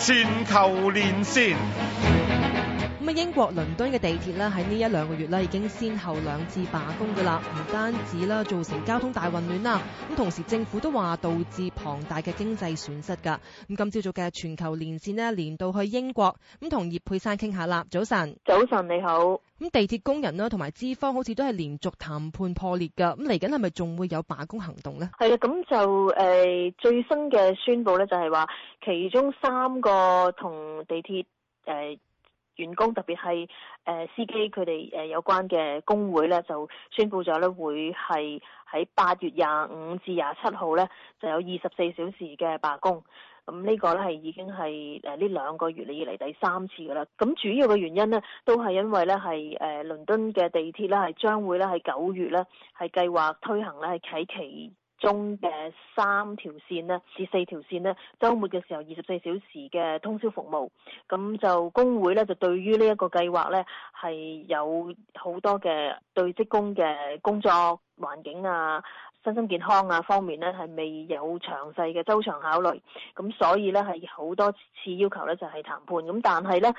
全球連線。咁啊！英國倫敦嘅地鐵咧，喺呢一兩個月咧已經先後兩次罷工噶啦，唔單止啦，造成交通大混亂啦。咁同時政府都話導致龐大嘅經濟損失㗎。咁今朝早嘅全球連線咧，連到去英國，咁同葉珮珊傾下啦。早晨，早晨你好。咁地鐵工人咧，同埋資方好似都係連續談判破裂㗎。咁嚟緊係咪仲會有罷工行動呢？係啊，咁就誒、呃、最新嘅宣佈咧，就係話其中三個同地鐵誒，呃員工特別係誒司機佢哋誒有關嘅工會咧，就宣佈咗咧會係喺八月廿五至廿七號咧就有二十四小時嘅罷工。咁呢個咧係已經係誒呢兩個月以嚟第三次㗎啦。咁主要嘅原因呢都係因為咧係誒倫敦嘅地鐵咧係將會咧係九月咧係計劃推行咧係星期。中嘅三條線呢，至四條線呢，週末嘅時候二十四小時嘅通宵服務，咁就工會呢，就對於呢一個計劃呢，係有好多嘅對職工嘅工作環境啊、身心健康啊方面呢，係未有詳細嘅周詳考慮，咁所以呢，係好多次要求呢，就係談判，咁但係呢。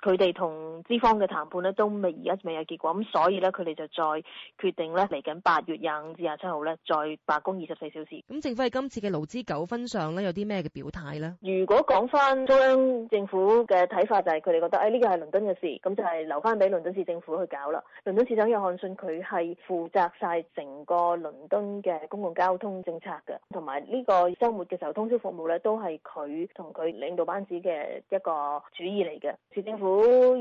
佢哋同資方嘅談判咧都未而家未有結果，咁所以咧佢哋就再決定咧嚟緊八月廿五至廿七號咧再罷工二十四小時。咁政府喺今次嘅勞資糾紛上咧有啲咩嘅表態呢？如果講翻中央政府嘅睇法就係佢哋覺得，誒呢個係倫敦嘅事，咁就係留翻俾倫敦市政府去搞啦。倫敦市長約翰遜佢係負責晒成個倫敦嘅公共交通政策嘅，同埋呢個週末嘅時候通宵服務咧都係佢同佢領導班子嘅一個主意嚟嘅，市政府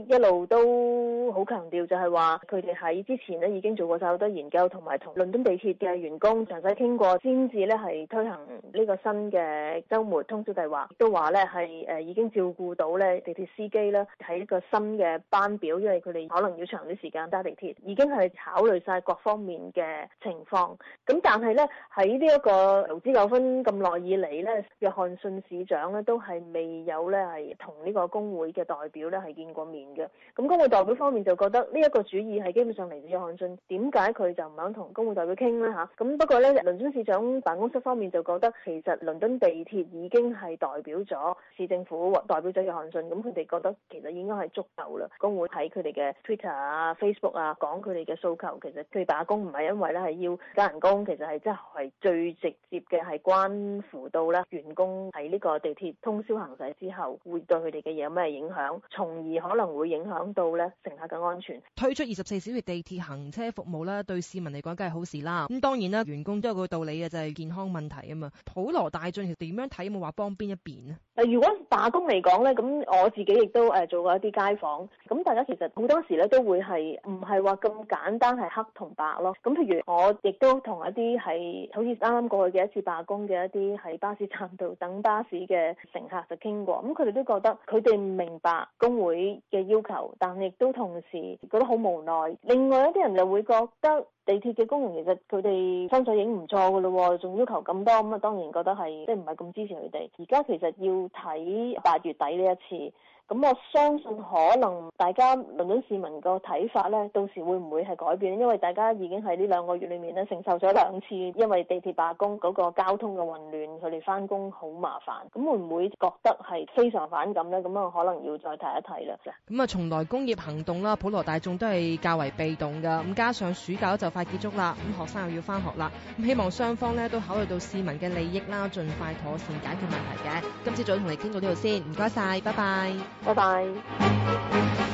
一路都好強調，就係話佢哋喺之前咧已經做過晒好多研究，同埋同倫敦地鐵嘅員工詳細傾過，先至咧係推行呢個新嘅週末通宵計劃。都話咧係誒已經照顧到咧地鐵司機啦，喺一個新嘅班表，因為佢哋可能要長啲時間搭地鐵，已經係考慮晒各方面嘅情況。咁但係咧喺呢一個勞資糾紛咁耐以嚟咧，約翰遜市長咧都係未有咧係同呢個工會嘅代表咧係見過面嘅，咁工會代表方面就覺得呢一個主意係基本上嚟自約翰遜，點解佢就唔肯同工會代表傾呢吓？咁不過呢，倫敦市長辦公室方面就覺得其實倫敦地鐵已經係代表咗市政府，代表咗約翰遜，咁佢哋覺得其實應該係足夠啦。工會喺佢哋嘅 Twitter 啊、Facebook 啊講佢哋嘅訴求，其實佢罷工唔係因為咧係要加人工，其實係真係最直接嘅係關乎到咧員工喺呢個地鐵通宵行駛之後會對佢哋嘅嘢有咩影響，從而。而可能會影響到咧乘客嘅安全。推出二十四小時地鐵行車服務啦，對市民嚟講梗係好事啦。咁當然啦，員工都有個道理嘅，就係健康問題啊嘛。普羅大眾其實點樣睇，冇話幫邊一邊咧。如果罷工嚟講呢，咁我自己亦都誒做過一啲街訪。咁大家其實好多時咧都會係唔係話咁簡單係黑同白咯。咁譬如我亦都同一啲係好似啱啱過去嘅一次罷工嘅一啲喺巴士站度等巴士嘅乘客就傾過。咁佢哋都覺得佢哋唔明白工會。佢嘅要求，但亦都同時覺得好無奈。另外一啲人就會覺得地鐵嘅工人其實佢哋薪水已經唔錯噶咯，仲要求咁多，咁啊當然覺得係即係唔係咁支持佢哋。而家其實要睇八月底呢一次。咁我相信可能大家倫敦市民個睇法咧，到時會唔會係改變咧？因為大家已經喺呢兩個月裏面咧，承受咗兩次，因為地鐵罷工嗰個交通嘅混亂，佢哋翻工好麻煩，咁會唔會覺得係非常反感咧？咁啊，可能要再提一提啦。咁啊，從來工業行動啦，普羅大眾都係較為被動噶，咁加上暑假就快結束啦，咁學生又要翻學啦，咁希望雙方咧都考慮到市民嘅利益啦，盡快妥善解決問題嘅。今朝早同你傾到呢度先，唔該晒，拜拜。拜拜。